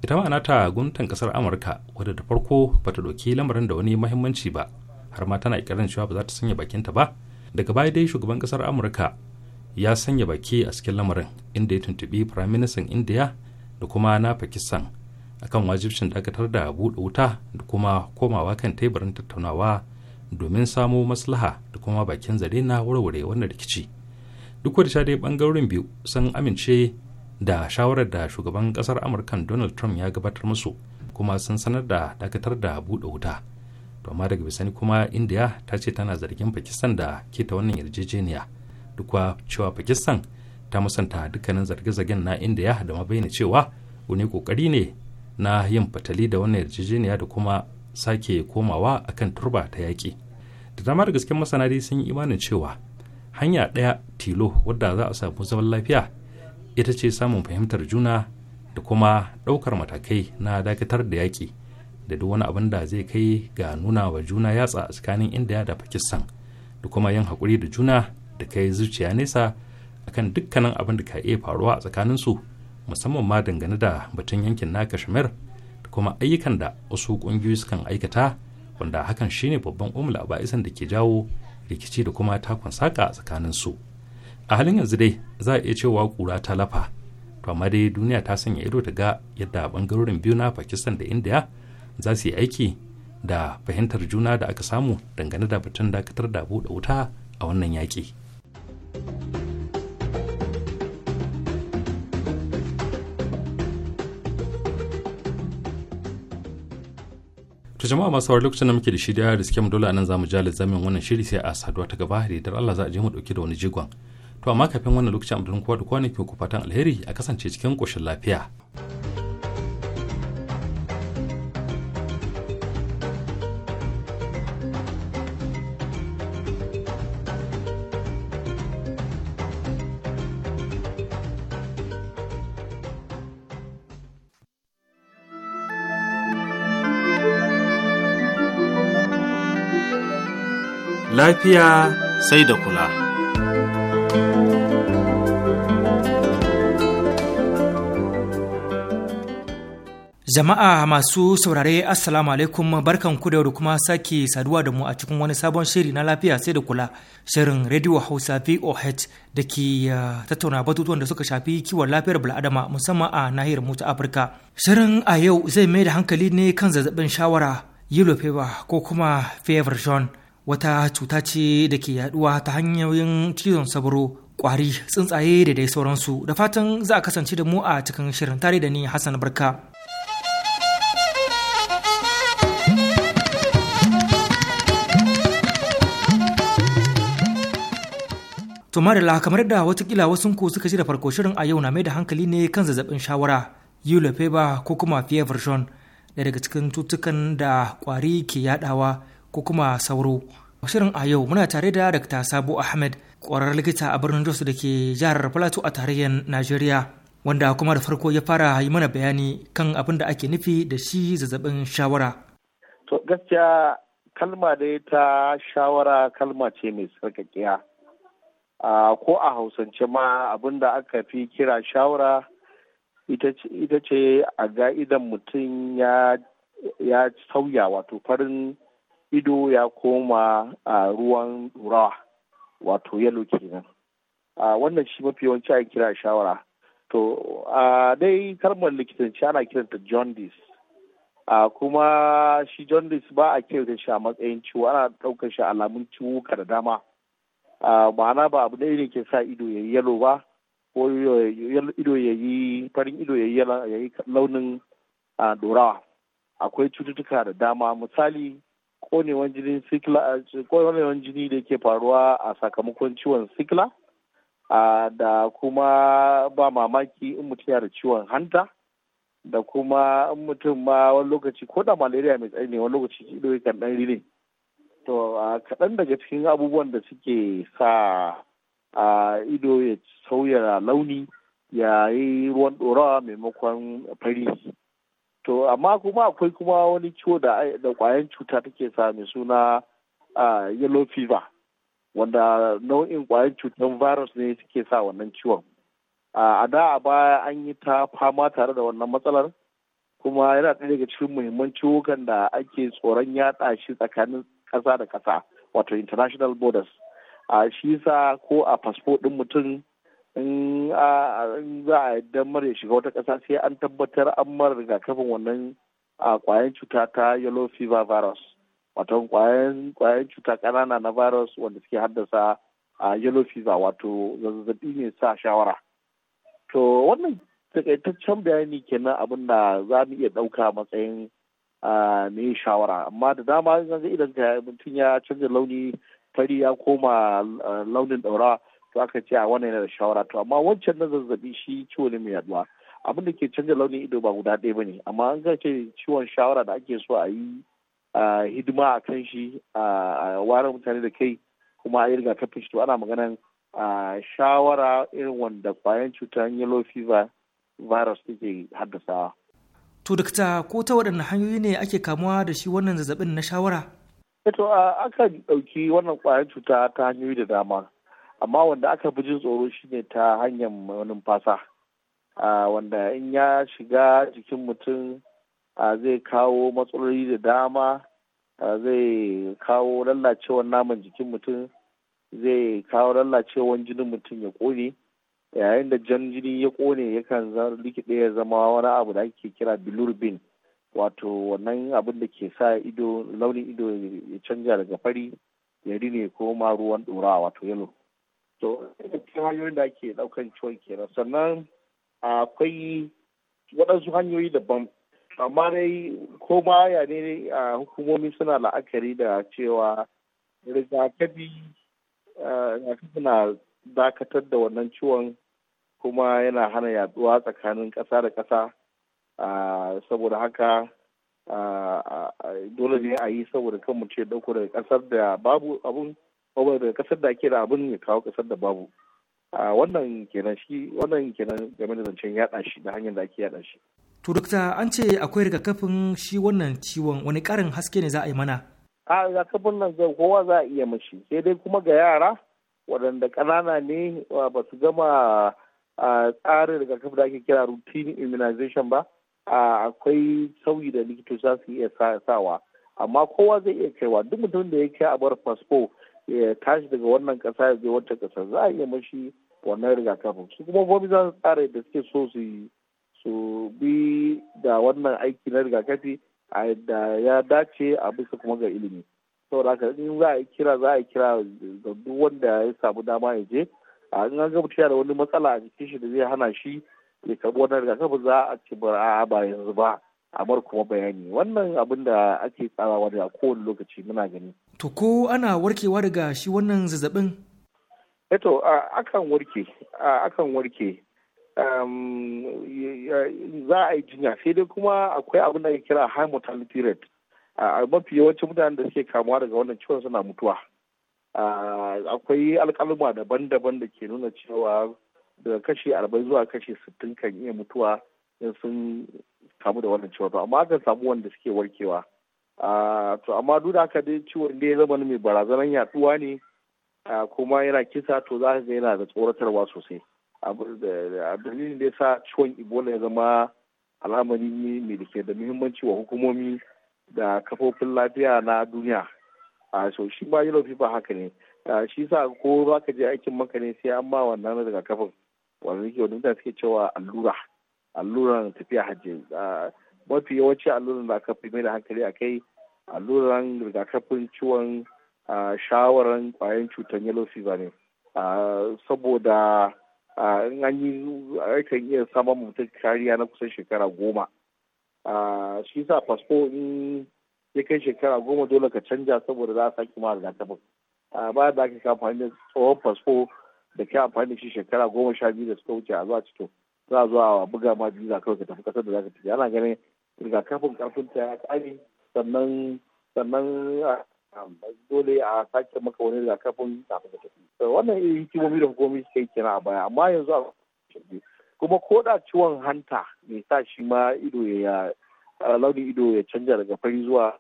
ita ma ta guntan kasar amurka wadda da farko bata doki lamarin da wani mahimmanci ba har ma tana ikirin cewa ba za ta sanya bakinta ba daga baya dai shugaban kasar amurka ya sanya baki a cikin lamarin inda ya tuntubi firaministan indiya da kuma na pakistan akan wajibcin dakatar da buɗe wuta da kuma komawa kan teburin tattaunawa domin samo maslaha da kuma bakin zare na warware wannan rikici duk wadda dai bangarorin biyu sun amince da shawarar da shugaban kasar amurkan donald trump ya gabatar musu kuma sun sanar da dakatar da buɗe wuta to amma daga bisani kuma india ta ce tana zargin pakistan da keta wannan yarjejeniya duk cewa pakistan ta musanta dukkanin zarge-zargen na india da ma bayyana cewa wani kokari ne na yin fatali da wannan yarjejeniya da kuma sake komawa akan turba ta yaƙi da dama da gaske masana dai sun yi imanin cewa hanya ɗaya tilo wadda za a samu zaman lafiya ita ce samun fahimtar juna da kuma ɗaukar matakai na dakatar da yaƙi da duk wani abin da zai kai ga nuna wa juna yatsa a tsakanin indiya da pakistan da kuma yin haƙuri da juna da kai zuciya nesa kan dukkanin abin da ka iya faruwa a tsakaninsu musamman ma dangane da batun yankin na kashmir da kuma ayyukan da wasu ƙungiyoyi sukan aikata wanda hakan shine babban umla a ba'isan da ke jawo rikici da kuma takon saka a tsakaninsu. su a halin yanzu dai za a iya cewa kura ta lafa to amma dai duniya ta sanya ido ta ga yadda bangarorin biyu na pakistan da india za su yi aiki da fahimtar juna da aka samu dangane da batun dakatar da buɗe wuta a wannan yaƙi. to jama'a masu sauraro lokacin da muke da shirya da suke mu dole za mu ja lizamin wannan shiri sai a saduwa ta gaba da Allah za a je mu dauki da wani jigon to amma kafin wannan lokacin abdullahi kowa da kwanaki ku fatan alheri a kasance cikin koshin lafiya lafiya sai da kula. Jama'a masu saurare Assalamu alaikum barkanku da da kuma sake saduwa da mu a cikin wani sabon shiri na lafiya sai da kula shirin Radio Hausa VOH da ke uh, tattauna batutuwan da suka shafi kiwon lafiyar bil'adama musamman a nahiyar mu ta Afirka. Shirin a yau zai mai da hankali ne kan zazzabin shawara yellow fever ko kuma fever zone wata cuta ce da ke yaduwa ta hanyoyin cizon sabro kwari tsuntsaye da dai sauransu da fatan za a kasance da mu a cikin shirin tare da ni Hassan Barka. To Marila kamar da watakila wasu ku suka ji da farko shirin a yau na mai da hankali ne kan zazzabin shawara, yule feba ko kuma fever version da daga cikin tutukan da kwari ke yadawa ko kuma sauro. Shirin a yau muna tare da Dr. Sabo Ahmed, kwarar likita a birnin Jos da ke jihar Plateau a tarayyar Najeriya, wanda kuma da farko ya fara yi mana bayani kan abin da ake nufi da shi zazzabin shawara. To gaskiya kalma dai ta shawara kalma ce mai sarkakiya. ko a hausance ma abin da aka fi kira shawara ita ce a ga mutum ya sauya wato farin ido ya koma a ruwan rawa wato yalo kenan wannan shi mafi yawanci a kira shawara to a dai kalmar likitanci ana kiranta jaundice a kuma shi jaundice ba a kyauta shi a matsayin ciwo ana ɗaukar shi alamun ciwo da dama ma'ana ba abu ɗaya ne ke sa ido ya yi yalo ba ko ido ya yi farin ido ya yi launin dorawa akwai cututtuka da dama misali konewan jini konewan jini da ke faruwa a sakamakon ciwon sikila da kuma ba mamaki in mutum yana da ciwon hanta da kuma in mutum ma wani lokaci ko da malaria mai tsayi ne wani lokaci ido kan dan rine To kaɗan daga cikin abubuwan da suke sa a ido ya sauya launi ya yi ruwan ɗorawa maimakon fari. To amma kuma akwai kuma wani ciwo da ƙwayan cuta take sa mai suna yellow fever wanda nau'in ƙwayan cutar virus ne suke sa wannan ciwon. A da a baya an yi ta fama tare da wannan matsalar kuma yana ɗaya daga cikin muhimman ciwukan da ake tsoron yaɗa shi tsakanin ƙasa da kasa wato international borders a shi sa ko a fasfo ɗin mutum in za a yadda mara shiga wata ƙasa sai an tabbatar an mara rigakafin wannan kwayan cuta ta yellow fever virus wato kwayan cuta ƙanana na virus wanda suke haddasa a yellow fever wato zazzabi ne sa shawara to wannan takaitaccen bayani kenan abin da za mu iya ɗauka matsayin mu yi shawara amma da dama yanzu idan mutum ya canza launi fari ya koma launin daura to aka ce a wannan yana da shawara to amma wancan na zazzabi shi ciwo ne mai yaduwa abin da ke canza launin ido ba guda ɗaya bane amma an ga ce ciwon shawara da ake so a yi hidima a kan shi a warin mutane da kai kuma a yi rigakafin shi to ana maganan shawara irin wanda kwayan cutar yellow fever virus take haddasawa To dakta ko ta waɗanne hanyoyi ne ake kamuwa da shi wannan zazzabin na shawara? Eh to aka ɗauki wannan ƙwayar cuta ta hanyoyi da dama amma wanda aka fi jin tsoro shi ne ta hanyar numfasa wanda in ya shiga jikin mutum zai kawo matsaloli da dama zai kawo lallacewar naman jikin mutum zai kawo lallacewar jinin mutum ya ƙone yayin da jan jini ya kone yakan likita ya zama wani abu da ake kira bilirubin wato wannan abin da ke sa ido launin ido ya canja daga fari ya rine ma ruwan dora wato yalo to cikin hanyoyin da ake ɗaukan ciwon kenan sannan akwai waɗansu hanyoyi daban amma dai ko ma ya ne a hukumomi suna la'akari da cewa rigakafi eh, na dakatar da wannan ciwon kuma yana hana yaduwa tsakanin ƙasa da ƙasa saboda haka dole ne a yi saboda kan mu ce dauko daga ƙasar da babu abun daga ƙasar da ake da abun ya kawo ƙasar da babu wannan kenan shi wannan kenan game da zancen yaɗa shi da hanyar da ake yaɗa shi to dokta an ce akwai rigakafin shi wannan ciwon wani ƙarin haske ne za a yi mana a rigakafin nan kowa za a iya mashi sai dai kuma ga yara waɗanda ƙanana ne ba su gama tsarin kafin da ake kira routine immunization ba akwai sauyi da likitoci za su iya sawa amma kowa zai iya kaiwa duk mutum da ya kai a bar fasfo ya tashi daga wannan ƙasa ya je wata ƙasa za a iya mashi wannan rigakafin su kuma bobi za su tsara da suke so su yi su bi da wannan aiki na rigakafi da ya dace a bisa kuma ga ilimi. saboda haka in za a kira za a kira ga duk wanda ya samu dama ya je a in an ga mutum da wani matsala a jikin shi da zai hana shi ya karɓi wannan rigakafi za a ci a ba yanzu ba amar kuma bayani wannan abin da ake tsarawa da kowane lokaci muna gani. To ko ana warkewa daga shi wannan zazzabin? Eto eh akan warke akan warke za a yi jinya sai dai kuma akwai abin da ake kira high mortality rate a mafi yawancin mutanen da suke kamuwa daga wannan ciwon suna mutuwa akwai alkalma daban-daban da ke nuna cewa daga kashi arba'in zuwa kashi sittin kan iya mutuwa in sun kamu da wannan ciwon amma akan samu wanda suke warkewa to amma duk da haka dai ciwon da ya zama mai barazanar yaduwa ne kuma yana kisa to za ka ga yana da tsoratarwa sosai a dalilin da ya sa ciwon ibola ya zama al'amari ne da ke da muhimmanci wa hukumomi da kafofin lafiya na duniya a so shi yi yellow ba haka ne shi sa ko za ka je aikin maka ne sai an ba wannan kafin wanda wani da suke cewa allura alluran tafiya hajji mafi yawanci alluran da aka fi mai da hankali a kai alluran rigakafin ciwon shawaran kwayan cutar yellow fever ne saboda in an yi aikin iya samun mutum kariya na kusan shekara goma a shi sa fasfo in ya kai shekara goma dole ka canja saboda za a sake ma rigakafin a ba da ake kafa da tsohon fasfo da ke amfani da shi shekara goma sha biyu da suka wuce a zuwa cito za a zuwa a buga ma a kawai ka tafi kasar da za ka tafi ana ganin rigakafin karfin ta ya kare sannan sannan dole a sake maka wani rigakafin kafin ka tafi wannan irin hikimomi da hukumomi suka yi kenan a baya amma yanzu a kuma ko da ciwon hanta mai sa shi ma ido ya launin ido ya canja daga fari zuwa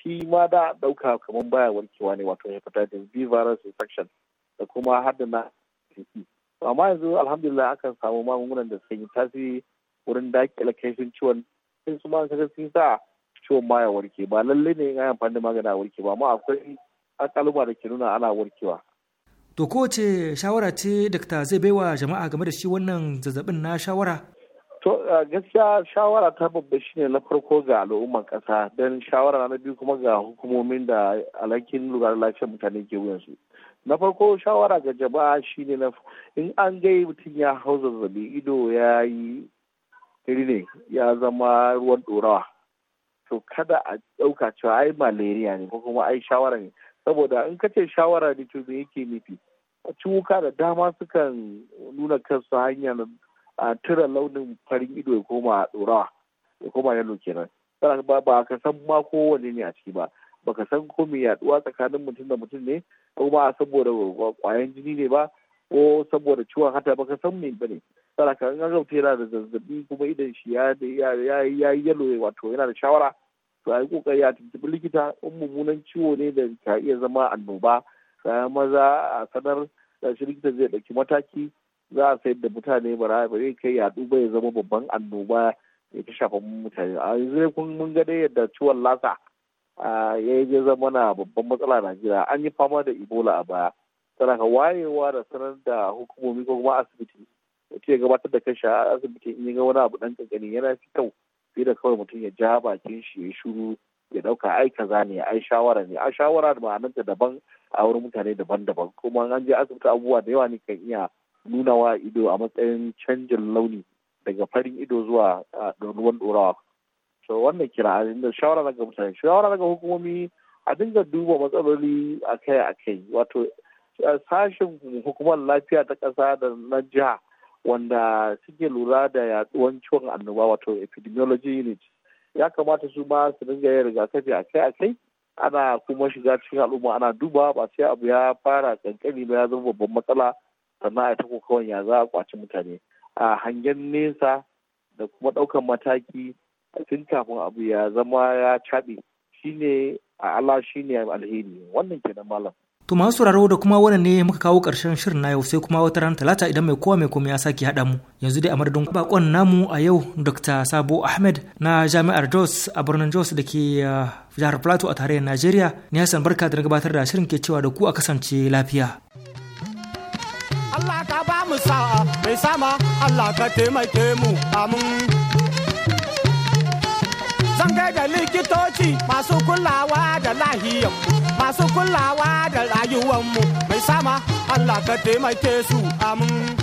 shi ma da dauka kamar baya warkewa ne wato hepatitis B virus infection da kuma haddana amma yanzu alhamdulillah akan samu magungunan da suka yi tasiri wurin dakile kaifin ciwon sai su ma kaga sun sa ciwon ma ya warke ba lalle ne in amfani da magana warke ba amma akwai akaluma da ke nuna ana warkewa To ko ce shawara ce dakta zai baiwa jama'a game da shi wannan zazzabin na shawara? To gaskiya shawara ta babba ne na farko ga al'umman ƙasa don shawara na biyu kuma ga hukumomin da alhakin lura lafiyar mutane ke wuyansu. Na farko shawara ga jama'a shi ne na in an gai mutum ya hau zazzabi ido ya yi iri ne ya zama ruwan ɗorawa. To kada a ɗauka cewa ai maleriya ne ko kuma ai shawara ne. Saboda in ka ce shawara ne to me yake nufi? ciwuka da dama sukan nuna kansu hanyar a tura launin farin ido ya koma ɗorawa ya koma yalo kenan ba ba ka san ma kowanne ne a ciki ba ba ka san ko mai yaduwa tsakanin mutum da mutum ne ko ba saboda kwayan jini ne ba ko saboda ciwon hata ba ka san mai ba ne sannan ka ga gauta yana da zazzabi kuma idan shi ya yi yalo wato yana da shawara to a yi kokari a tuntuɓi likita in mummunan ciwo ne da ka iya zama annoba tsaya maza a sanar da likita zai ɗauki mataki za a sayar da mutane ba zai kai yaɗu ba ya zama babban annoba ya fi shafan mutane a yanzu kun mun ga dai yadda ciwon lasa ya yi zama na babban matsala a najeriya an yi fama da ebola a baya tana ka wayewa da sanar da hukumomi ko kuma asibiti mutum ya gabatar da kanshi a asibiti in ya ga wani abu ɗan kankani yana fi kyau fiye da kawai mutum ya ja bakin shi ya shuru ya ɗauka ai kaza ne ai shawara ne a shawara da ma'anarta daban a wurin mutane daban-daban kuma an je asibiti abubuwa da yawa ne kan iya nunawa ido a matsayin canjin launi daga farin ido zuwa ruwan dorawa so wannan kira da shawara daga mutane shawara daga hukumomi a dinga duba matsaloli akai-akai wato sashen hukumar lafiya ta ƙasa da na jiha wanda suke lura da yaduwan ciwon annoba wato epidemiology unit ya kamata su ma su dinga yin rigakafi akai-akai ana kuma shiga cikin al'umma ana duba ba sai abu ya fara kankani ba ya zama babban matsala sannan a ta kokawan ya za a kwaci mutane a hangen nesa da kuma ɗaukan mataki tun kafin abu ya zama ya caɓe shine a Allah shine alheri wannan kenan malam To masu sauraro da kuma wannan ne muka kawo ƙarshen shirin na yau sai kuma wata ran talata idan mai kowa mai komai ya sake haɗa mu. Yanzu dai a madadin bakon namu a yau Dr. Sabo Ahmed na Jami'ar Jos a birnin Jos da ke uh, jihar Plateau a tarayyar Najeriya. Ni Hassan Barka da na gabatar da shirin ke cewa da ku a kasance lafiya. Allah ka ba mu sa'a mai sama Allah ka taimake mu amin. Zan da likitoci masu kulawa da lahiyar masu kulawa da rayuwanmu mai sama Allah ka taimake su amin.